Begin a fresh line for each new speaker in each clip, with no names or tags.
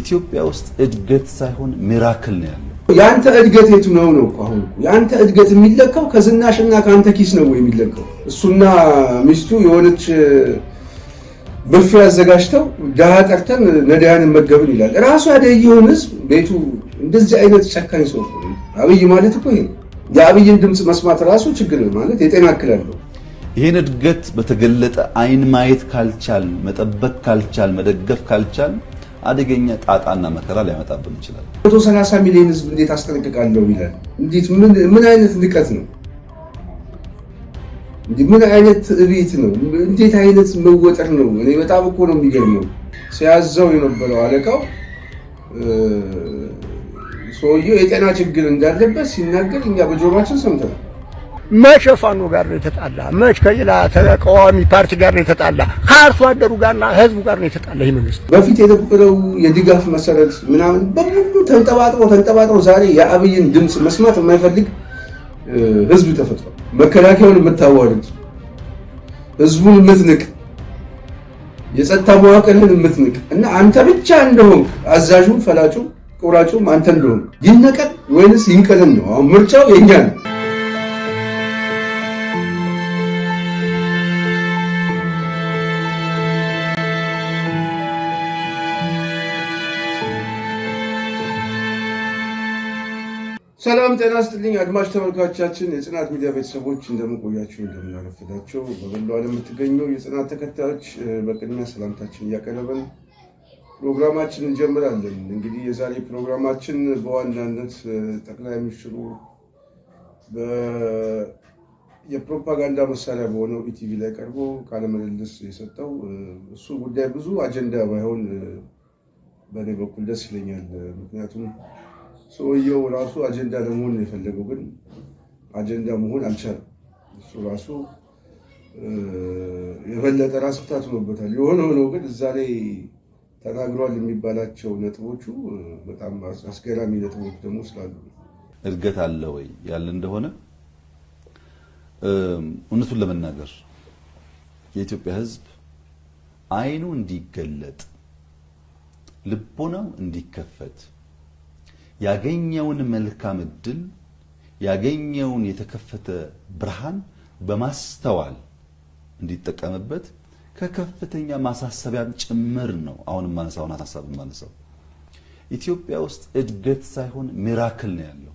ኢትዮጵያ ውስጥ እድገት ሳይሆን ሚራክል ነው ያለው።
ያንተ እድገት የቱ ነው ነው አሁን ያንተ እድገት የሚለካው ከዝናሽና ከአንተ ኪስ ነው የሚለካው? እሱና ሚስቱ የሆነች ብፌ አዘጋጅተው ድሃ ጠርተን ነዳያንን መገብን ይላል። ራሱ ያደየውን ህዝብ ቤቱ እንደዚህ አይነት ጨካኝ ሰው አብይ ማለት እኮ ይሄ የአብይን ድምፅ መስማት ራሱ ችግር ማለት የጤና እክል አለው።
ይህን እድገት በተገለጠ አይን ማየት ካልቻል፣ መጠበቅ ካልቻል፣ መደገፍ ካልቻል አደገኛ ጣጣና መከራ ሊያመጣብን ይችላል።
130 ሚሊዮን ህዝብ እንዴት አስጠነቅቃለሁ ይላል። እንዴት ምን አይነት ንቀት ነው? ምን አይነት እቤት ነው? እንዴት አይነት መወጠር ነው? እኔ በጣም እኮ ነው የሚገርመው። ሲያዘው የነበረው አለቃው ሰውየው የጤና ችግር እንዳለበት ሲናገር እኛ በጆሯችን ሰምተናል። መቼ ፋኖ ጋር ነው የተጣላ? መቼ ከሌላ ተቃዋሚ ፓርቲ ጋር ነው የተጣላ? ከአርሶ አደሩ ጋርና ህዝቡ ጋር ነው የተጣላ። ይህ መንግስት በፊት የነበረው የድጋፍ መሰረት ምናምን በሙሉ ተንጠባጥሮ ተንጠባጥሮ ዛሬ የአብይን ድምፅ መስማት የማይፈልግ ህዝብ ተፈጥሯል። መከላከያውን የምታዋርድ፣ ህዝቡን የምትንቅ፣ የጸጥታ መዋቅርህን የምትንቅ እና አንተ ብቻ እንደሆንክ አዛዡ ፈላጩ ቁራጩም አንተ እንደሆንክ ይነቀል ወይንስ ይንቀልን ነው አሁን ምርጫው የኛ ነው። ሰላም ጤና ስትልኝ አድማጭ ተመልካቻችን የጽናት ሚዲያ ቤተሰቦች እንደምቆያችሁ እንደምናረፍዳቸው በበላው ዓለም የምትገኘው የጽናት ተከታዮች በቅድሚያ ሰላምታችን እያቀረበን ፕሮግራማችን እንጀምራለን። እንግዲህ የዛሬ ፕሮግራማችን በዋናነት ጠቅላይ ሚኒስትሩ የፕሮፓጋንዳ መሳሪያ በሆነው ኢቲቪ ላይ ቀርቦ ቃለ ምልልስ የሰጠው እሱ ጉዳይ ብዙ አጀንዳ ባይሆን በእኔ በኩል ደስ ይለኛል። ምክንያቱም ሰውየው ራሱ አጀንዳ ለመሆን ነው የፈለገው፣ ግን አጀንዳ መሆን አልቻለም። እሱ ራሱ የበለጠ ራስ ምታት ሆኖበታል። የሆነ ሆኖ ግን እዛ ላይ ተናግሯል የሚባላቸው ነጥቦቹ በጣም አስገራሚ ነጥቦች ደግሞ ስላሉ እድገት አለ ወይ ያለ እንደሆነ እውነቱን ለመናገር የኢትዮጵያ ሕዝብ አይኑ እንዲገለጥ ልቦናው እንዲከፈት ያገኘውን መልካም እድል ያገኘውን የተከፈተ ብርሃን በማስተዋል እንዲጠቀምበት ከከፍተኛ ማሳሰቢያም ጭምር ነው። አሁን ማነሳውን ሀሳብ ማነሳው ኢትዮጵያ ውስጥ እድገት ሳይሆን ሚራክል ነው ያለው።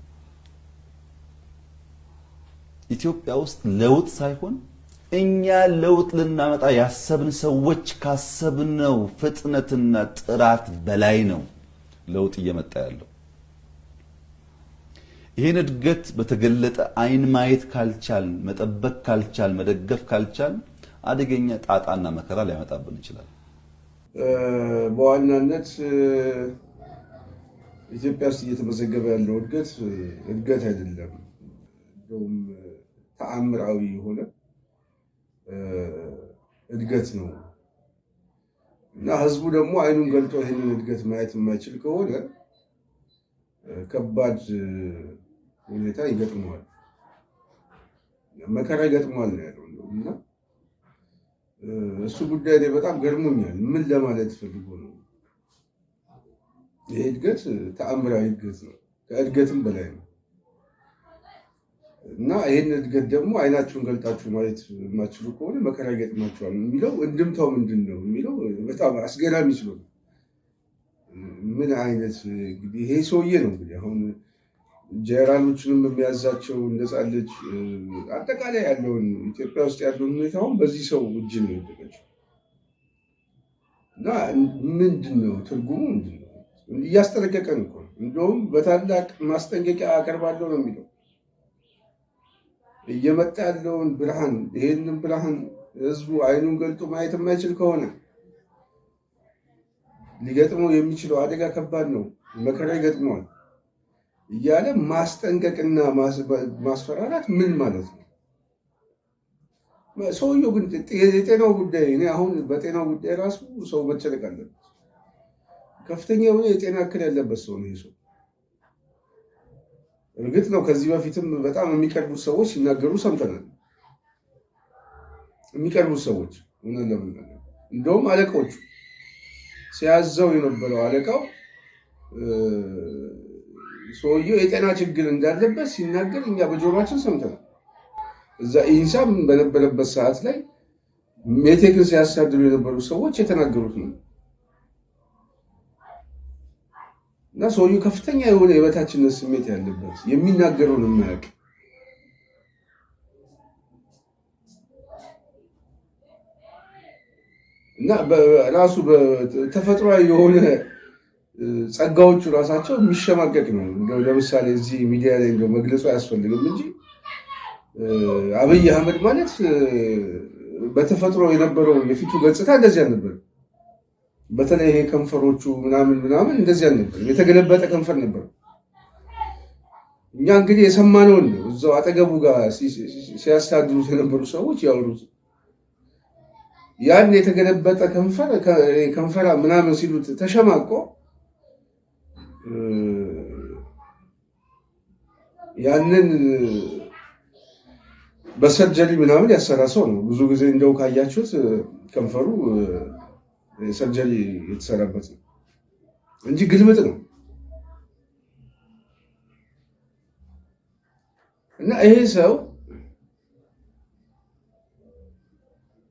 ኢትዮጵያ ውስጥ ለውጥ ሳይሆን እኛ ለውጥ ልናመጣ ያሰብን ሰዎች ካሰብነው ፍጥነትና ጥራት በላይ ነው ለውጥ እየመጣ ያለው። ይህን እድገት በተገለጠ አይን ማየት ካልቻል፣ መጠበቅ ካልቻል፣ መደገፍ ካልቻል አደገኛ ጣጣና መከራ ሊያመጣብን ይችላል። በዋናነት ኢትዮጵያ ውስጥ እየተመዘገበ ያለው እድገት እድገት አይደለም፣ እንደውም ተአምራዊ የሆነ እድገት ነው እና ህዝቡ ደግሞ አይኑን ገልጦ ይህንን እድገት ማየት የማይችል ከሆነ ከባድ ሁኔታ ይገጥመዋል፣ መከራ ይገጥመዋል ነው ያለው። እና እሱ ጉዳይ ላይ በጣም ገርሞኛል። ምን ለማለት ፈልጎ ነው? ይህ እድገት ተአምራዊ እድገት ነው፣ ከእድገትም በላይ ነው። እና ይህን እድገት ደግሞ አይናችሁን ገልጣችሁ ማየት የማትችሉ ከሆነ መከራ ይገጥማችኋል የሚለው እንድምታው ምንድን ነው የሚለው በጣም አስገራሚ ስለሆነ ምን አይነት እንግዲህ ይሄ ሰውዬ ነው እንግዲህ አሁን ጀነራሎችንም የሚያዛቸው ነፃ ልጅ አጠቃላይ ያለውን ኢትዮጵያ ውስጥ ያለውን ሁኔታውን በዚህ ሰው እጅ ነው የወደቀችው እና ምንድን ነው ትርጉሙ? ምንድን ነው እያስጠነቀቀን እኮ እንደውም በታላቅ ማስጠንቀቂያ አቀርባለሁ ነው የሚለው። እየመጣ ያለውን ብርሃን ይሄንን ብርሃን ህዝቡ አይኑን ገልጦ ማየት የማይችል ከሆነ ሊገጥመው የሚችለው አደጋ ከባድ ነው። መከራ ይገጥመዋል። እያለ ማስጠንቀቅና ማስፈራራት ምን ማለት ነው? ሰውየው ግን የጤናው ጉዳይ እኔ አሁን በጤናው ጉዳይ ራሱ ሰው መጨነቅ አለበት። ከፍተኛ የሆነ የጤና እክል ያለበት ሰው ነው ይህ ሰው። እርግጥ ነው ከዚህ በፊትም በጣም የሚቀርቡት ሰዎች ሲናገሩ ሰምተናል። የሚቀርቡት ሰዎች እውነት ለመናገር እንደውም አለቃዎቹ ሲያዘው የነበረው አለቃው ሰውየው የጤና ችግር እንዳለበት ሲናገር እኛ በጆሮችን ሰምተናል። እዛ ኢንሳ በነበረበት ሰዓት ላይ ሜቴክን ሲያሳድሩ የነበሩ ሰዎች የተናገሩት ነው እና ሰውየው ከፍተኛ የሆነ የበታችነት ስሜት ያለበት የሚናገረውን የማያውቅ እና ራሱ ተፈጥሯዊ የሆነ ጸጋዎቹ ራሳቸው የሚሸማቀቅ ነው። ለምሳሌ እዚህ ሚዲያ ላይ እንደው መግለጹ አያስፈልግም እንጂ አብይ አህመድ ማለት በተፈጥሮ የነበረው የፊቱ ገጽታ እንደዚያ ነበር። በተለይ ይሄ ከንፈሮቹ ምናምን ምናምን እንደዚህ አልነበር፣ የተገለበጠ ከንፈር ነበር። እኛ እንግዲህ የሰማነውን ነው። እዛው አጠገቡ ጋር ሲያሳድሩት የነበሩ ሰዎች ያወሩት ያን የተገለበጠ ከንፈር ከንፈራ ምናምን ሲሉት ተሸማቆ ያንን በሰርጀሪ ምናምን ያሰራ ሰው ነው። ብዙ ጊዜ እንደው ካያችሁት ከንፈሩ ሰርጀሪ የተሰራበት ነው እንጂ ግልምጥ ነው። እና ይሄ ሰው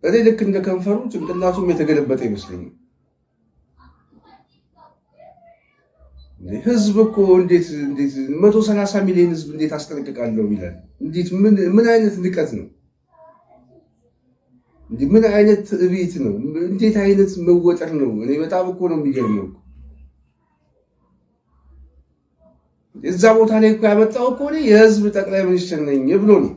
እኔ ልክ እንደ ከንፈሩ ጭንቅላቱም የተገለበጠ ይመስለኛል። ህዝብ እኮ እንዴት እንዴት መቶ ሰላሳ ሚሊዮን ህዝብ እንዴት አስጠነቅቃለሁ ይላል። እንዴት ምን አይነት ንቀት ነው? ምን አይነት እቤት ነው? እንዴት አይነት መወጠር ነው? እኔ በጣም እኮ ነው የሚገርመው። እዛ ቦታ ላይ እኮ ያመጣው እኮ እኔ የህዝብ ጠቅላይ ሚኒስትር ነኝ ብሎ ነው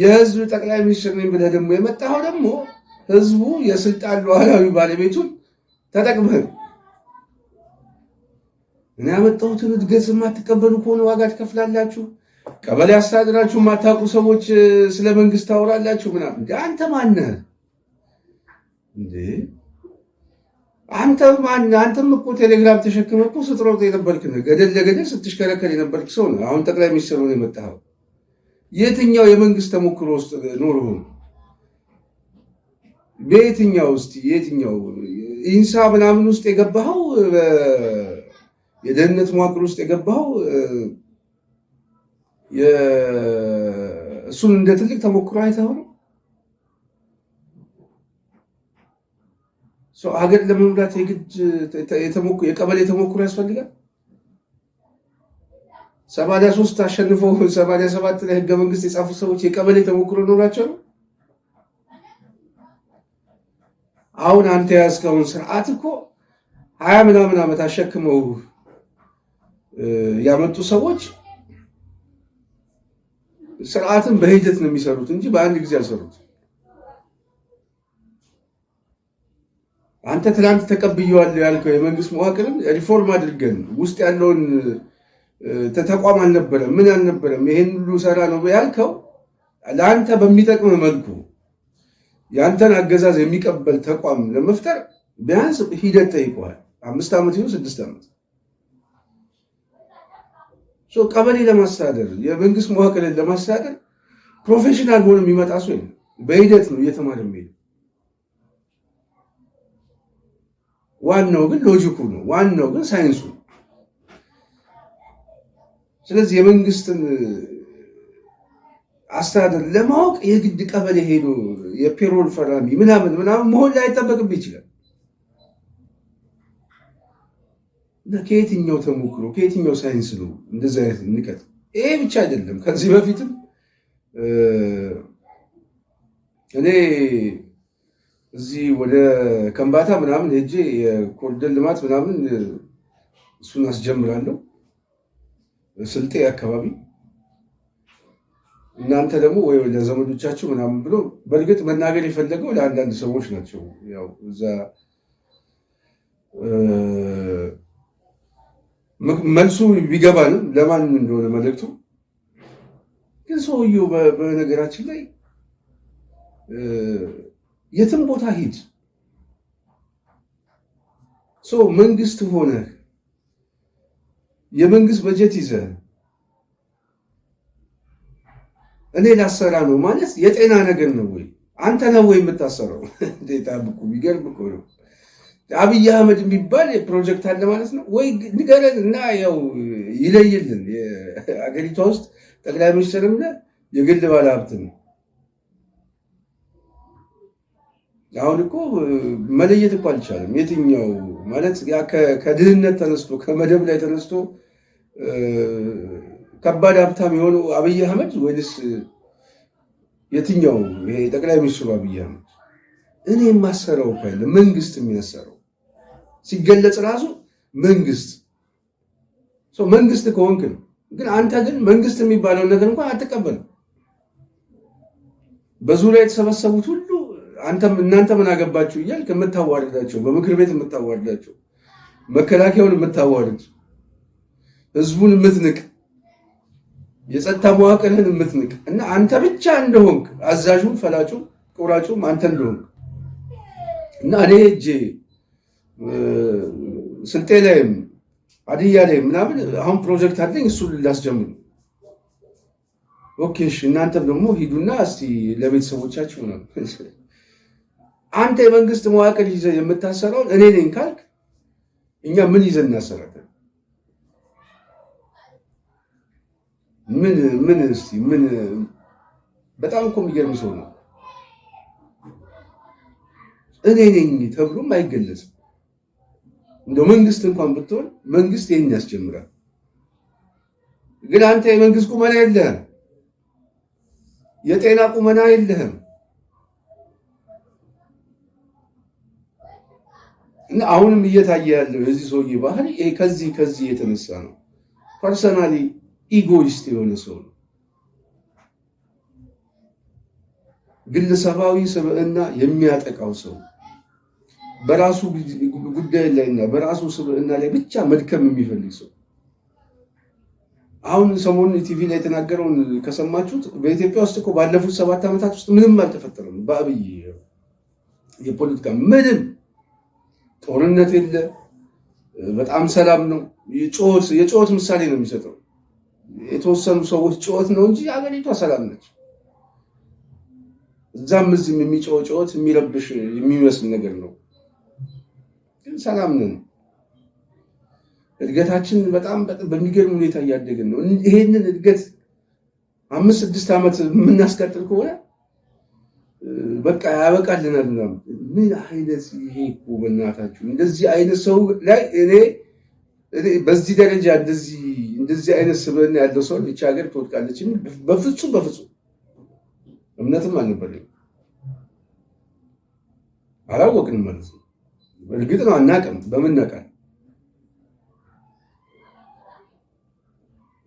የህዝብ ጠቅላይ ሚኒስትር ነኝ ብለህ ደግሞ የመጣኸው ደግሞ ህዝቡ የስልጣን ሉዓላዊ ባለቤቱን ተጠቅመህ እኔ ያመጣሁትን እድገት የማትቀበሉ ከሆነ ዋጋ ትከፍላላችሁ። ቀበሌ አስተዳደራችሁ የማታውቁ ሰዎች ስለ መንግስት ታወራላችሁ ምናምን። አንተ ማነህ እንዴ? አንተ ማነህ? አንተም እኮ ቴሌግራም ተሸክመ እኮ ስትሮጥ የነበርክ ነህ። ገደል ለገደል ስትሽከረከር የነበርክ ሰው ነህ። አሁን ጠቅላይ ሚኒስትር ሆነህ የመጣኸው የትኛው የመንግስት ተሞክሮ ውስጥ ኖርህ? በየትኛው ውስጥ የትኛው ኢንሳ ምናምን ውስጥ የገባኸው የደህንነት መዋቅር ውስጥ የገባኸው እሱን እንደ ትልቅ ተሞክሮ አይተኸው ነው። ሀገር ለመምራት የግድ የቀበሌ ተሞክሮ ያስፈልጋል። ሰማንያ ሶስት አሸንፈው ሰማንያ ሰባት ላይ ህገ መንግስት የጻፉ ሰዎች የቀበሌ ተሞክሮ ኖራቸው ነው። አሁን አንተ የያዝከውን ስርዓት እኮ ሀያ ምናምን ዓመት አሸክመው ያመጡ ሰዎች ስርዓትን በሂደት ነው የሚሰሩት እንጂ በአንድ ጊዜ አልሰሩት። አንተ ትናንት ተቀብየዋለሁ ያልከው የመንግስት መዋቅርን ሪፎርም አድርገን ውስጥ ያለውን ተቋም አልነበረም ምን አልነበረም ይሄን ሁሉ ሰራ ነው ያልከው ለአንተ በሚጠቅም መልኩ ያንተን አገዛዝ የሚቀበል ተቋም ለመፍጠር ቢያንስ ሂደት ጠይቀዋል። አምስት ዓመት ይሁን ስድስት ዓመት ቀበሌ ለማስተዳደር የመንግስት መዋቅልን ለማስተዳደር ፕሮፌሽናል ሆኖ የሚመጣ ሰው የለም። በሂደት ነው እየተማር የሚሄድ ዋናው ግን ሎጂኩ ነው። ዋናው ግን ሳይንሱ ነው። ስለዚህ የመንግስትን አስተዳደር ለማወቅ የግድ ቀበሌ ሄዶ የፔሮል ፈራሚ ምናምን ምናምን መሆን ላይጠበቅብህ ይችላል። እና ከየትኛው ተሞክሮ ከየትኛው ሳይንስ ነው እንደዚህ አይነት ንቀት? ይሄ ብቻ አይደለም። ከዚህ በፊትም እኔ እዚህ ወደ ከምባታ ምናምን ሄጄ የኮሪደር ልማት ምናምን እሱን አስጀምራለሁ ስልጤ አካባቢ እናንተ ደግሞ ወይ ለዘመዶቻችሁ ምናምን ብሎ በእርግጥ መናገር የፈለገው ለአንዳንድ ሰዎች ናቸው። ያው እዛ መልሱ ቢገባንም ለማን እንደሆነ መልእክቱ ግን ሰውየው በነገራችን ላይ የትም ቦታ ሂድ ሰው መንግስት ሆነ የመንግስት በጀት ይዘህ እኔ ላሰራ ነው ማለት የጤና ነገር ነው ወይ? አንተ ነው ወይ የምታሰረው? እንዴታ ብቁ የሚገርም እኮ ነው። አብይ አህመድ የሚባል ፕሮጀክት አለ ማለት ነው ወይ? ንገረን እና ያው ይለይልን። አገሪቷ ውስጥ ጠቅላይ ሚኒስትርም የግል ባለሀብት ነው። አሁን እኮ መለየት እኮ አልቻለም። የትኛው ማለት ከድህነት ተነስቶ ከመደብ ላይ ተነስቶ ከባድ ሀብታም የሆነው አብይ አህመድ ወይንስ የትኛው ጠቅላይ ሚኒስትሩ አብይ አህመድ? እኔ የማሰረው እኮ መንግስት የሚያሰረው ሲገለጽ ራሱ መንግስት መንግስት ከሆንክ ነው። ግን አንተ ግን መንግስት የሚባለውን ነገር እንኳን አትቀበልም። በዙሪያ የተሰበሰቡት ሁሉ እናንተ ምን አገባችሁ እያልክ የምታዋርዳቸው፣ በምክር ቤት የምታዋርዳቸው፣ መከላከያውን የምታዋርድ፣ ህዝቡን የምትንቅ የጸጥታ መዋቅርህን የምትንቅ እና አንተ ብቻ እንደሆንክ አዛዡ፣ ፈላጩ፣ ቁራጩ አንተ እንደሆንክ እና እኔ እጄ ስልጤ ላይም አድያ ላይ ምናምን አሁን ፕሮጀክት አለኝ እሱን ላስጀምሩ። ኦኬ እሺ፣ እናንተም ደግሞ ሂዱና እስቲ ለቤተሰቦቻችሁ ነው። አንተ የመንግስት መዋቅር ይዘህ የምታሰራውን እኔ ነኝ ካልክ እኛ ምን ይዘን እናሰራለን? ምን ምን እስቲ ምን በጣም እኮ የሚገርም ሰው ነው። እኔ ነኝ ተብሎም አይገለጽም። እንደ መንግስት እንኳን ብትሆን መንግስት ይህን ያስጀምራል። ግን አንተ የመንግስት ቁመና የለህም፣ የጤና ቁመና የለህም እና አሁንም እየታየ ያለው የዚህ ሰውዬ ባህሪ ከዚህ ከዚህ የተነሳ ነው ፐርሰናሊ ኢጎይስት የሆነ ሰው ነው። ግለሰባዊ ስብዕና የሚያጠቃው ሰው በራሱ ጉዳይ ላይና በራሱ ስብዕና ላይ ብቻ መድከም የሚፈልግ ሰው። አሁን ሰሞኑን ቲቪ ላይ የተናገረውን ከሰማችሁት በኢትዮጵያ ውስጥ እኮ ባለፉት ሰባት ዓመታት ውስጥ ምንም አልተፈጠረም። በአብይ የፖለቲካ ምንም ጦርነት የለ፣ በጣም ሰላም ነው። የጩኸት ምሳሌ ነው የሚሰጠው የተወሰኑ ሰዎች ጩኸት ነው እንጂ አገሪቷ ሰላም ነች። እዛም እዚህም የሚጮህ ጩኸት የሚረብሽ የሚመስል ነገር ነው፣ ግን ሰላም ነን። እድገታችን በጣም በሚገርም ሁኔታ እያደግን ነው። ይሄንን እድገት አምስት ስድስት ዓመት የምናስቀጥል ከሆነ በቃ ያበቃልናል ምን አይነት ይሄ እኮ በእናታችሁ እንደዚህ አይነት ሰው ላይ እኔ በዚህ ደረጃ እንደዚህ እንደዚህ አይነት ስብዕና ያለው ሰው ይቺ ሀገር ትወድቃለች የሚል በፍጹም በፍጹም እምነትም አልነበረኝ። አላወቅንም ማለት ነው። እርግጥ ነው አናቅም፣ በምን ነቃል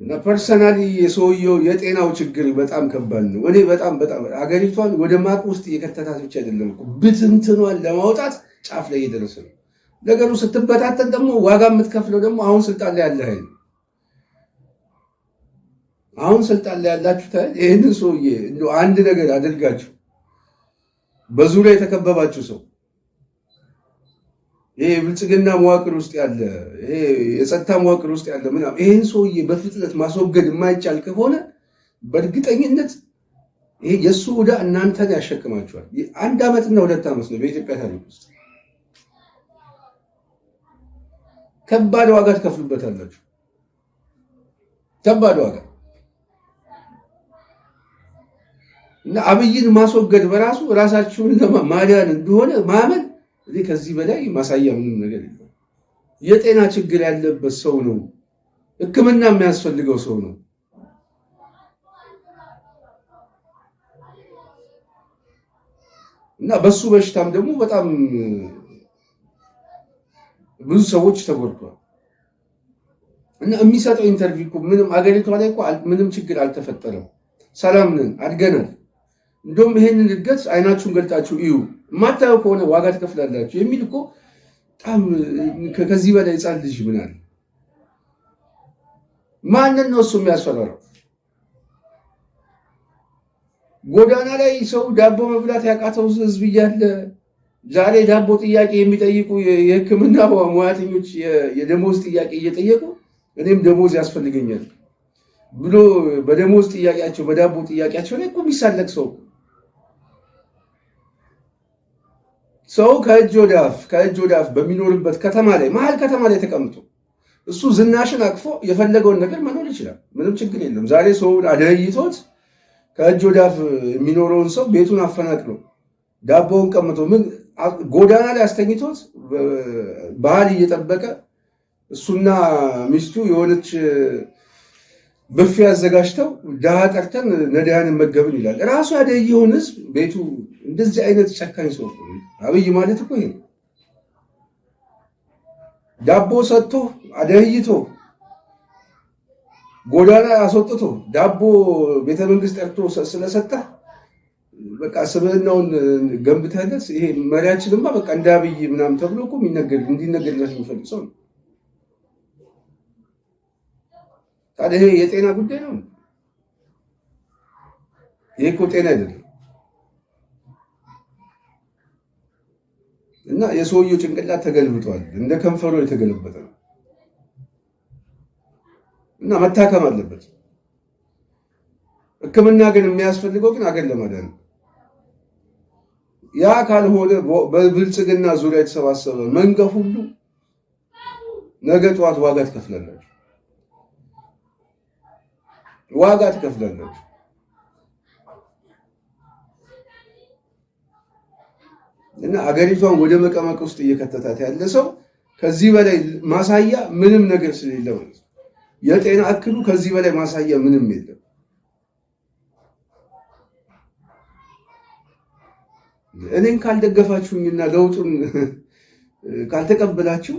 እና ፐርሰናሊ የሰውየው የጤናው ችግር በጣም ከባድ ነው። እኔ በጣም በጣም አገሪቷን ወደ ማቅ ውስጥ የከተታት ብቻ አይደለም ብትንትኗን ለማውጣት ጫፍ ላይ እየደረሰ ነው ነገሩ። ስትበታተን ደግሞ ዋጋ የምትከፍለው ደግሞ አሁን ስልጣን ላይ ያለ ነው አሁን ስልጣን ላይ ያላችሁ ይህንን ሰውዬ አንድ ነገር አድርጋችሁ በዙሪያ የተከበባችሁ ሰው ይሄ ብልጽግና መዋቅር ውስጥ ያለ ይሄ የጸጥታ መዋቅር ውስጥ ያለ ምናምን ይህን ሰውዬ በፍጥነት ማስወገድ የማይቻል ከሆነ በእርግጠኝነት ይሄ የእሱ ዕዳ እናንተን ያሸክማችኋል። አንድ ዓመትና ሁለት ዓመት ነው በኢትዮጵያ ታሪክ ውስጥ ከባድ ዋጋ ትከፍሉበታላችሁ። ከባድ ዋጋ እና አብይን ማስወገድ በራሱ ራሳችሁን ማዳን እንደሆነ ማመን እዚህ ከዚህ በላይ ማሳያ ምንም ነገር የለም። የጤና ችግር ያለበት ሰው ነው። ሕክምና የሚያስፈልገው ሰው ነው። እና በሱ በሽታም ደግሞ በጣም ብዙ ሰዎች ተጎድተዋል። እና የሚሰጠው ኢንተርቪው ምንም አገሪቷ ላይ ምንም ችግር አልተፈጠረም። ሰላም ነን፣ አድገናል እንደውም ይሄንን እድገት አይናችሁን ገልጣችሁ እዩ፣ የማታዩ ከሆነ ዋጋ ትከፍላላችሁ የሚል እኮ በጣም ከዚህ በላይ ህፃን ልጅ ምናል። ማንን ነው እሱ የሚያስፈራረው? ጎዳና ላይ ሰው ዳቦ መብላት ያቃተው ህዝብ እያለ ዛሬ ዳቦ ጥያቄ የሚጠይቁ የህክምና ሙያተኞች የደሞዝ ጥያቄ እየጠየቁ እኔም ደሞዝ ያስፈልገኛል ብሎ በደሞዝ ጥያቄያቸው በዳቦ ጥያቄያቸው ላይ እኮ የሚሳለቅ ሰው ሰው ከእጅ ወዳፍ ከእጅ ወዳፍ በሚኖርበት ከተማ ላይ መሀል ከተማ ላይ ተቀምጦ እሱ ዝናሽን አቅፎ የፈለገውን ነገር መኖር ይችላል። ምንም ችግር የለም። ዛሬ ሰውን አደይቶት ከእጅ ወዳፍ የሚኖረውን ሰው ቤቱን አፈናቅሎ ዳቦውን ቀምቶ ጎዳና ላይ አስተኝቶት ባህል እየጠበቀ እሱና ሚስቱ የሆነች ብፌ አዘጋጅተው ድሃ ጠርተን ነዳያን መገብን ይላል። ራሱ ያደየውን ህዝብ ቤቱ እንደዚህ አይነት ጨካኝ ሰው አብይ ማለት እኮ ይሄ ዳቦ ሰጥቶ አደይቶ ጎዳና አስወጥቶ ዳቦ ቤተ መንግስት ጠርቶ ስለሰጠ በቃ ስብህናውን ገንብተህ ይሄ መሪያችንማ በቃ እንዳብይ ምናምን ተብሎ እኮ እንዲነገርለት የሚፈልግ ሰው ነው። ታዲያ ይሄ የጤና ጉዳይ ነው? ይሄ እኮ ጤና አይደለም። እና የሰውየው ጭንቅላት ተገልብጧል። እንደ ከንፈሮ የተገለበጠ ነው እና መታከም አለበት። ሕክምና ግን የሚያስፈልገው ግን አገር ለማዳን ያ ካልሆነ በብልጽግና ዙሪያ የተሰባሰበ መንጋ ሁሉ ነገ ጠዋት ዋጋ ትከፍላላችሁ። ዋጋ ትከፍላላችሁ እና አገሪቷን ወደ መቀመቅ ውስጥ እየከተታት ያለ ሰው ከዚህ በላይ ማሳያ ምንም ነገር ስለሌለ ማለት ነው። የጤና እክሉ ከዚህ በላይ ማሳያ ምንም የለም። እኔን ካልደገፋችሁኝና ለውጡን ካልተቀበላችሁ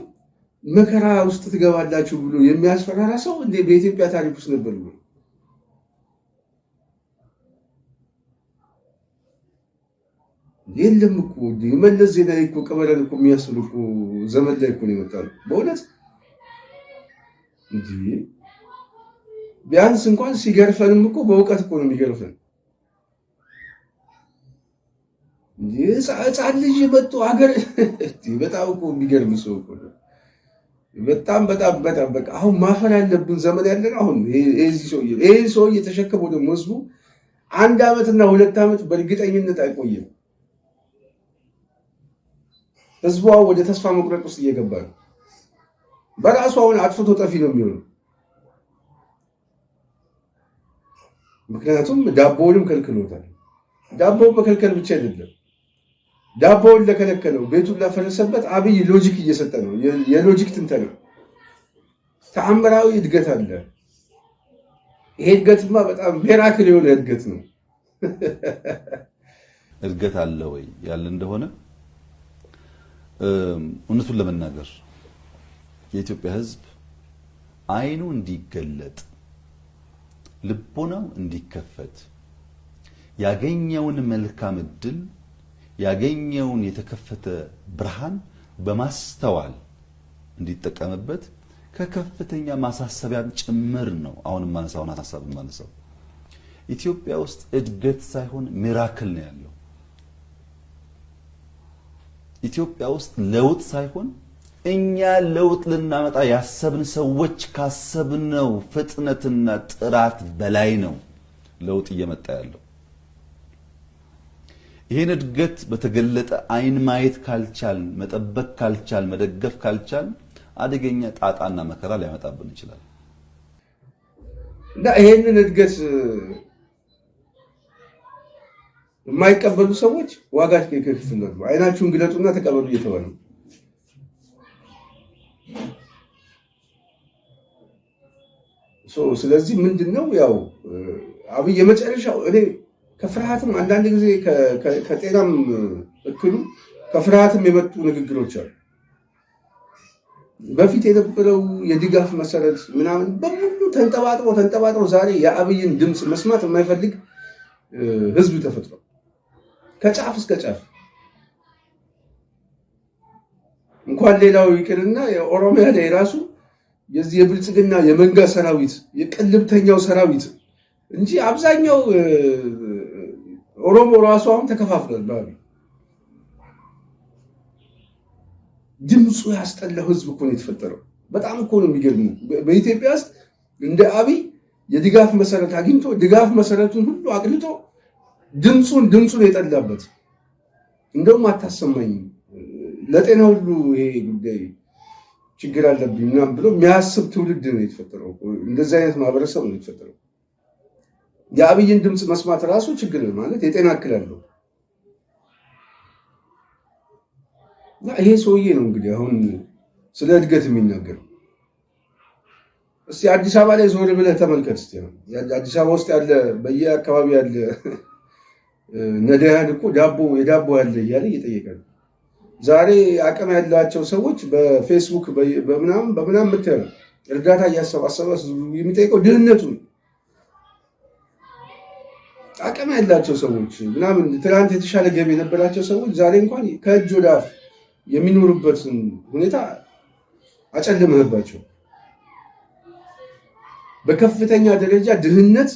መከራ ውስጥ ትገባላችሁ ብሎ የሚያስፈራራ ሰው እንደ በኢትዮጵያ ታሪክ ውስጥ ነበር ብሎ የለም እኮ መለስ ዜናዊ እኮ ቀበለን እኮ የሚያስሉ እኮ ዘመን ላይ እኮ ነው ይመጣሉ። በእውነት ቢያንስ እንኳን ሲገርፈንም እኮ በእውቀት እኮ ነው የሚገርፈን። ሕፃን ልጅ መጡ ሀገር በጣም እኮ የሚገርም ሰው እኮ በጣም በጣም በጣም በቃ አሁን ማፈር ያለብን ዘመን ያለን አሁን ይህ ሰው እየተሸከመው ደግሞ ህዝቡ አንድ ዓመትና ሁለት ዓመት በእርግጠኝነት አይቆይም። ህዝቧ ወደ ተስፋ መቁረጥ ውስጥ እየገባ ነው። በራሱ አሁን አጥፍቶ ጠፊ ነው የሚሆነው። ምክንያቱም ዳቦውንም ከልክሎታል። ዳቦውን መከልከል ብቻ አይደለም፣ ዳቦውን ለከለከለው ቤቱን ላፈረሰበት አብይ ሎጂክ እየሰጠ ነው። የሎጂክ ትንተና ተአምራዊ እድገት አለ። ይሄ እድገትማ በጣም ሜራክል የሆነ እድገት ነው። እድገት አለ ወይ ያለ እንደሆነ እውነቱን ለመናገር የኢትዮጵያ ሕዝብ አይኑ እንዲገለጥ ልቦናው እንዲከፈት ያገኘውን መልካም እድል ያገኘውን የተከፈተ ብርሃን በማስተዋል እንዲጠቀምበት ከከፍተኛ ማሳሰቢያም ጭምር ነው። አሁን የማነሳውን ሀሳብ የማነሳው ኢትዮጵያ ውስጥ እድገት ሳይሆን ሚራክል ነው ያለው። ኢትዮጵያ ውስጥ ለውጥ ሳይሆን እኛ ለውጥ ልናመጣ ያሰብን ሰዎች ካሰብነው ፍጥነትና ጥራት በላይ ነው ለውጥ እየመጣ ያለው። ይህን እድገት በተገለጠ አይን ማየት ካልቻል፣ መጠበቅ ካልቻል፣ መደገፍ ካልቻል አደገኛ ጣጣና መከራ ሊያመጣብን ይችላል እና ይህንን እድገት የማይቀበሉ ሰዎች ዋጋ ከክፍነት ነው። አይናችሁን ግለጡና ተቀበሉ እየተባለ ስለዚህ ምንድን ነው ያው አብይ የመጨረሻው እኔ ከፍርሃትም አንዳንድ ጊዜ ከጤናም እክሉ ከፍርሃትም የመጡ ንግግሮች አሉ። በፊት የነበረው የድጋፍ መሰረት ምናምን በሙሉ ተንጠባጥሮ ተንጠባጥሮ ዛሬ የአብይን ድምፅ መስማት የማይፈልግ ህዝብ ተፈጥሯል። ከጫፍ እስከ ጫፍ እንኳን ሌላው ይቅርና የኦሮሚያ ላይ ራሱ የዚህ የብልጽግና የመንጋ ሰራዊት የቅልብተኛው ሰራዊት እንጂ አብዛኛው ኦሮሞ ራሱ አሁን ተከፋፍሏል። ባሉ ድምፁ ያስጠላው ህዝብ እኮ ነው የተፈጠረው። በጣም እኮ ነው የሚገርመው። በኢትዮጵያ ውስጥ እንደ አብይ የድጋፍ መሰረት አግኝቶ ድጋፍ መሰረቱን ሁሉ አቅልጦ ድምፁን ድምፁን የጠላበት እንደውም አታሰማኝም፣ ለጤና ሁሉ ይሄ ጉዳይ ችግር አለብኝ ምናምን ብሎ የሚያስብ ትውልድ ነው የተፈጠረው። እንደዚህ አይነት ማህበረሰብ ነው የተፈጠረው። የአብይን ድምፅ መስማት ራሱ ችግር ነው ማለት የጤና እክል አለው። ይሄ ሰውዬ ነው እንግዲህ አሁን ስለ እድገት የሚናገረው። እስቲ አዲስ አበባ ላይ ዞር ብለህ ተመልከት። እስቲ አዲስ አበባ ውስጥ ያለ በየአካባቢ ያለ ነዳያን እኮ ዳቦ የዳቦ ያለ እያለ እየጠየቀ ነው። ዛሬ አቅም ያላቸው ሰዎች በፌስቡክ በምናም በምናምን ምትለ እርዳታ እያሰባሰበ የሚጠይቀው ድህነቱ ነው። አቅም ያላቸው ሰዎች ምናምን ትናንት የተሻለ ገቢ የነበራቸው ሰዎች ዛሬ እንኳን ከእጅ ወደ አፍ የሚኖሩበትን ሁኔታ አጨልመህባቸው በከፍተኛ ደረጃ ድህነት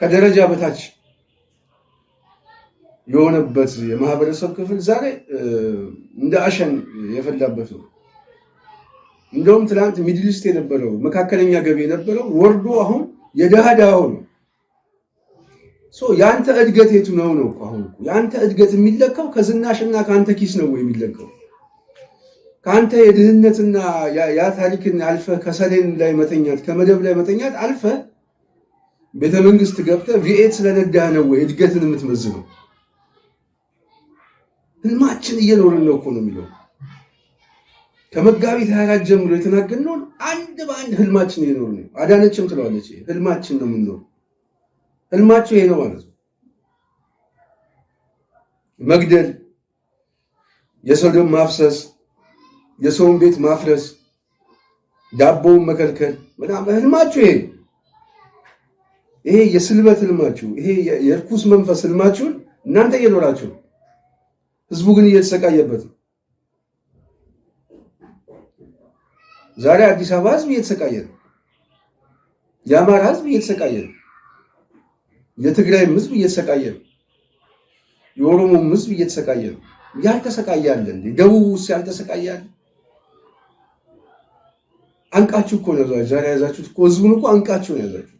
ከደረጃ በታች የሆነበት የማህበረሰብ ክፍል ዛሬ እንደ አሸን የፈላበት ነው። እንደውም ትናንት ሚድልስት የነበረው መካከለኛ ገቢ የነበረው ወርዶ አሁን የድሃ ድሃ ነው። የአንተ እድገት የቱ ነው ነው አሁን የአንተ እድገት የሚለካው ከዝናሽና ከአንተ ኪስ ነው የሚለካው ከአንተ የድህነትና ያ ታሪክን አልፈ ከሰሌን ላይ መተኛት ከመደብ ላይ መተኛት አልፈ ቤተ መንግስት ገብተህ ቪኤት ስለነዳህ ነው ወይ እድገትን የምትመዝነው? ህልማችን እየኖርን ነው እኮ ነው የሚለው ከመጋቢት ሀያ አራት ጀምሮ የተናገርነውን አንድ በአንድ ህልማችን እየኖርን ነው። አዳነችም ትለዋለች ህልማችን ነው የምንኖር። ህልማቸው ይሄ ነው ማለት ነው። መግደል፣ የሰው ደም ማፍሰስ፣ የሰውን ቤት ማፍረስ፣ ዳቦውን መከልከል ምናምን ህልማቸው ይሄ ነው። ይሄ የስልበት ህልማችሁ፣ ይሄ የርኩስ መንፈስ ህልማችሁን እናንተ እየኖራችሁ፣ ህዝቡ ግን እየተሰቃየበት ነው። ዛሬ አዲስ አበባ ህዝብ እየተሰቃየ ነው። የአማራ ህዝብ እየተሰቃየ ነው። የትግራይም ህዝብ እየተሰቃየ ነው። የኦሮሞም ህዝብ እየተሰቃየ ነው። ያልተሰቃያለ እንዴ? ደቡብ ውስጥ ያልተሰቃያለ አንቃችሁ እኮ ነው ዛሬ ያዛችሁት እኮ ህዝቡን እኮ አንቃችሁ ነው ያዛችሁት።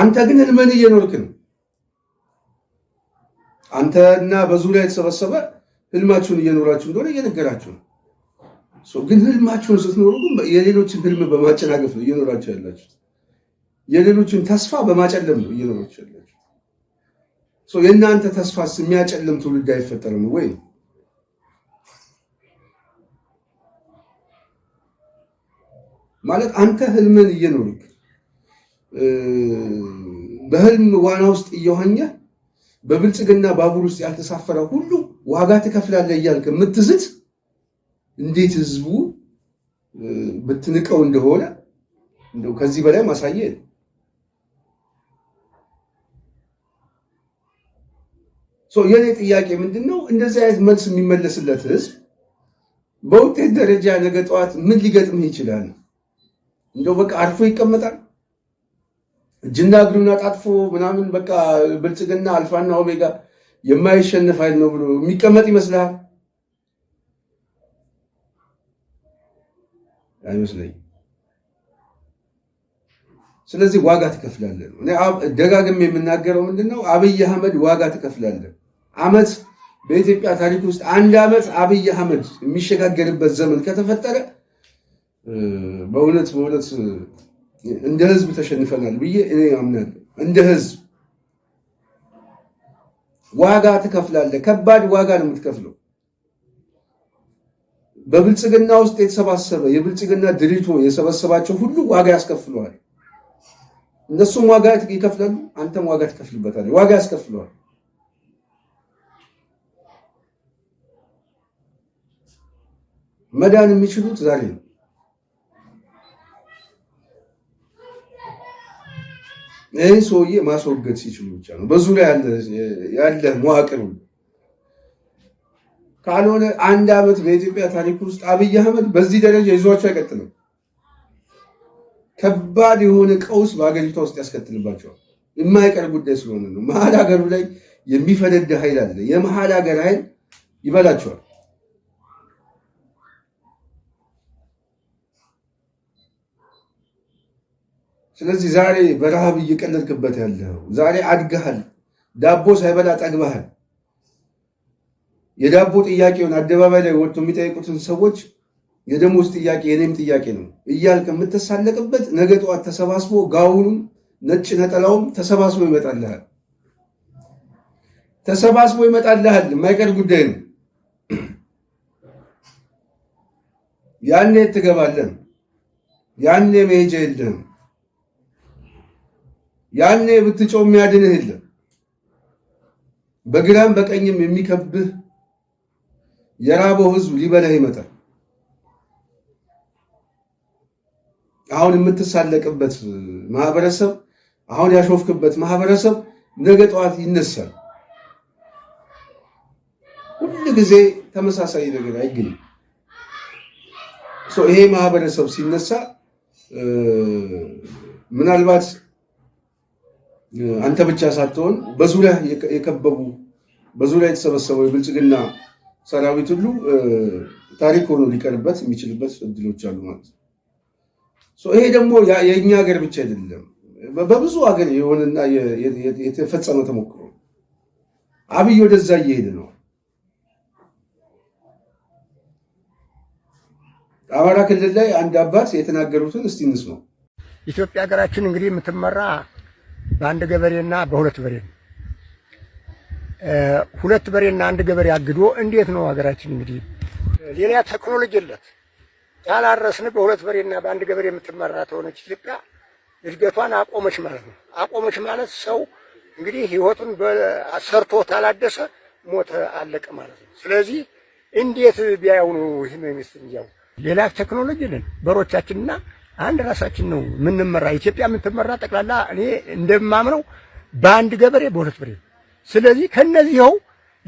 አንተ ግን ህልምን እየኖርክ ነው። አንተ እና በዙሪያ የተሰበሰበ ህልማችሁን እየኖራችሁ እንደሆነ እየነገራችሁ ነው። ግን ህልማችሁን ስትኖሩ ግን የሌሎችን ህልም በማጨናገፍ ነው እየኖራችሁ ያላችሁት። የሌሎችን ተስፋ በማጨለም ነው እየኖራችሁ ያላችሁት። የእናንተ ተስፋስ የሚያጨልም ትውልድ አይፈጠርም ወይ? ማለት አንተ ህልምን እየኖርክ በህልም ዋና ውስጥ እየሆኘ በብልጽግና ባቡር ውስጥ ያልተሳፈረ ሁሉ ዋጋ ትከፍላለህ እያልክ የምትዝት እንዴት ህዝቡ ብትንቀው እንደሆነ እንደው ከዚህ በላይ ማሳየ የኔ ጥያቄ ምንድን ነው? እንደዚህ አይነት መልስ የሚመለስለት ህዝብ በውጤት ደረጃ ነገ ጠዋት ምን ሊገጥምህ ይችላል? እንደው በቃ አርፎ ይቀመጣል። እጅና እግሩን አጣጥፎ ምናምን በቃ ብልጽግና አልፋና ኦሜጋ የማይሸነፍ ኃይል ነው ብሎ የሚቀመጥ ይመስልሃል? አይመስለኝ። ስለዚህ ዋጋ ትከፍላለህ ነው። ደጋግሜ የምናገረው ምንድን ነው? አብይ አህመድ ዋጋ ትከፍላለህ። አመት በኢትዮጵያ ታሪክ ውስጥ አንድ አመት አብይ አህመድ የሚሸጋገርበት ዘመን ከተፈጠረ በእውነት በእውነት እንደ ህዝብ ተሸንፈናል ብዬ እኔ አምናለሁ። እንደ ህዝብ ዋጋ ትከፍላለህ። ከባድ ዋጋ ነው የምትከፍለው። በብልጽግና ውስጥ የተሰባሰበ የብልጽግና ድሪቶ የሰበሰባቸው ሁሉ ዋጋ ያስከፍለዋል። እነሱም ዋጋ ይከፍላሉ፣ አንተም ዋጋ ትከፍልበታለህ። ዋጋ ያስከፍለዋል። መዳን የሚችሉት ዛሬ ነው። ይህን ሰውዬ ማስወገድ ሲችሉ ብቻ ነው። በዙሪያ ያለ መዋቅር ካልሆነ አንድ ዓመት በኢትዮጵያ ታሪክ ውስጥ አብይ አህመድ በዚህ ደረጃ ይዟቸው አይቀጥልም። ከባድ የሆነ ቀውስ በሀገሪቷ ውስጥ ያስከትልባቸዋል። የማይቀር ጉዳይ ስለሆነ ነው። መሀል ሀገሩ ላይ የሚፈነድ ኃይል አለ። የመሀል ሀገር ኃይል ይበላቸዋል። ስለዚህ ዛሬ በረሃብ እየቀለድክበት ያለው ዛሬ አድገሃል። ዳቦ ሳይበላ ጠግበሃል። የዳቦ ጥያቄውን አደባባይ ላይ ወጥቶ የሚጠይቁትን ሰዎች የደሞዝ ጥያቄ የኔም ጥያቄ ነው እያልክ የምትሳለቅበት ነገ ጠዋት ተሰባስቦ ጋውኑም ነጭ ነጠላውም ተሰባስቦ ይመጣልሃል። ተሰባስቦ ይመጣልሃል። የማይቀር ጉዳይ ነው። ያኔ ትገባለን። ያኔ መሄጃ የለህም። ያኔ ብትጮህ የሚያድንህ የለም። በግራም በቀኝም የሚከብህ የራበው ህዝብ ሊበላህ ይመጣል። አሁን የምትሳለቅበት ማህበረሰብ፣ አሁን ያሾፍክበት ማህበረሰብ ነገ ጠዋት ይነሳል። ሁሉ ጊዜ ተመሳሳይ ነገር አይገኝም። ይሄ ማህበረሰብ ሲነሳ ምናልባት አንተ ብቻ ሳትሆን በዙሪያ የከበቡ በዙሪያ የተሰበሰበው የብልጽግና ሰራዊት ሁሉ ታሪክ ሆኖ ሊቀርበት የሚችልበት እድሎች አሉ ማለት ነው። ይሄ ደግሞ የእኛ ሀገር ብቻ አይደለም፣ በብዙ ሀገር የሆነና የተፈጸመ ተሞክሮ አብይ ወደዛ እየሄደ ነው። አማራ ክልል ላይ አንድ አባት የተናገሩትን እስቲ እንስማው። ኢትዮጵያ ሀገራችን እንግዲህ የምትመራ በአንድ ገበሬና በሁለት በሬ ነው። ሁለት በሬና አንድ ገበሬ አግዶ እንዴት ነው ሀገራችን እንግዲህ ሌላ ቴክኖሎጂ የለት ያላረስን በሁለት በሬና በአንድ ገበሬ የምትመራ ተሆነች ኢትዮጵያ እድገቷን አቆመች ማለት ነው። አቆመች ማለት ሰው እንግዲህ ህይወቱን ሰርቶ ታላደሰ ሞተ፣ አለቀ ማለት ነው። ስለዚህ እንዴት ቢያዩ ነው ይህ መንግስት እንዲያው ሌላ ቴክኖሎጂ ነን በሮቻችንና አንድ ራሳችን ነው የምንመራ። ኢትዮጵያ የምትመራ ጠቅላላ እኔ እንደማምነው በአንድ ገበሬ በሁለት በሬ። ስለዚህ ከነዚህው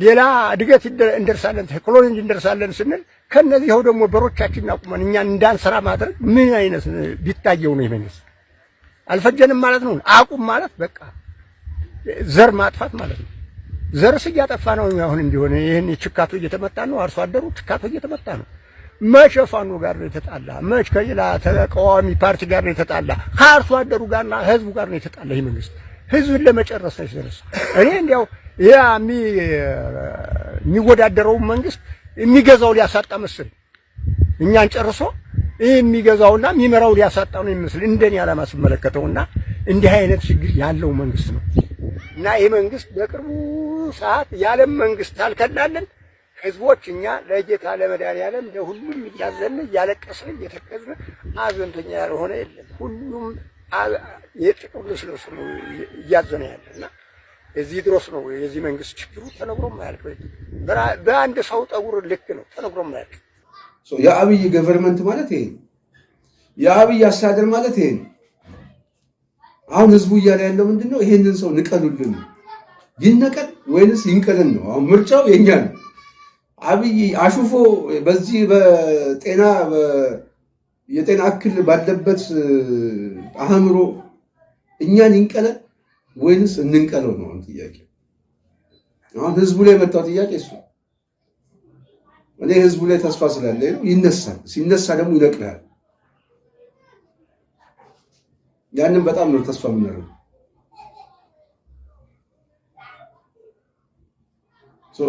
ሌላ እድገት እንደርሳለን፣ ኮሎኒ እንደርሳለን ስንል ከነዚህው ደግሞ በሮቻችን አቁመን እኛን እንዳንሰራ ማድረግ ምን አይነት ቢታየው ነው ይመንስ አልፈጀንም ማለት ነው። አቁም ማለት በቃ ዘር ማጥፋት ማለት ነው። ዘርስ እያጠፋ ነው። አሁንም ቢሆን ይህን ችካቱ እየተመጣ ነው። አርሶ አደሩ ችካቱ እየተመጣ ነው። መቼ ፋኖ ጋር ነው የተጣላ? መች ከሌላ ተቃዋሚ ፓርቲ ጋር ነው የተጣላ? ከአርሶ አደሩ ጋርና ህዝቡ ጋር ነው የተጣላ። ይህ መንግስት ህዝብን ለመጨረስ አይደረስ። እኔ እንዲያው ያ የሚወዳደረውን መንግስት የሚገዛው ሊያሳጣ መስል እኛን ጨርሶ የሚገዛውና የሚመራው ሊያሳጣ ነው የሚመስል እንደኔ አላማ ስመለከተውና እንዲህ አይነት ችግር ያለው መንግስት ነው እና ይህ መንግስት በቅርቡ ሰዓት የዓለም መንግስት አልከናለን ህዝቦች እኛ ለጌታ ለመድኃኒዓለም ለሁሉም እያዘን እያለቀስን እየተከዝን አዘንተኛ ያልሆነ የለም። ሁሉም የጥቅሉ ስለሱ ነው እያዘነ እና እዚህ ድሮስ ነው የዚህ መንግስት ችግሩ ተነግሮ ማያልቅ። በአንድ ሰው ጠጉር ልክ ነው ተነግሮ ማያልቅ። የአብይ ገቨርንመንት ማለት ይሄ የአብይ አስተዳደር ማለት ይሄ አሁን ህዝቡ እያለ ያለው ምንድን ነው? ይሄንን ሰው ንቀሉልን። ይነቀል ወይንስ ይንቀልን ነው። አሁን ምርጫው የኛ ነው። አብይ አሹፎ በዚህ በጤና የጤና እክል ባለበት አእምሮ እኛን ይንቀለል ወይንስ እንንቀለው ነው አሁን ጥያቄ። አሁን ህዝቡ ላይ የመጣው ጥያቄ እሱ። እኔ ህዝቡ ላይ ተስፋ ስላለ ይነሳል። ሲነሳ ደግሞ ይነቅላል። ያንን በጣም ነው ተስፋ የምናደርገው።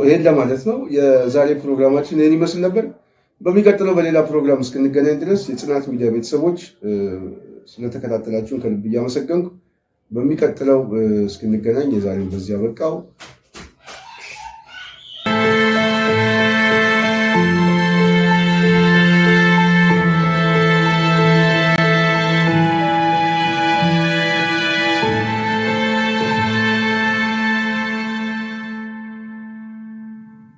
ይሄን ለማለት ነው። የዛሬ ፕሮግራማችን ይህን ይመስል ነበር። በሚቀጥለው በሌላ ፕሮግራም እስክንገናኝ ድረስ የጽናት ሚዲያ ቤተሰቦች ስለተከታተላችሁን ከልብ እያመሰገንኩ በሚቀጥለው እስክንገናኝ የዛሬን በዚህ በቃው።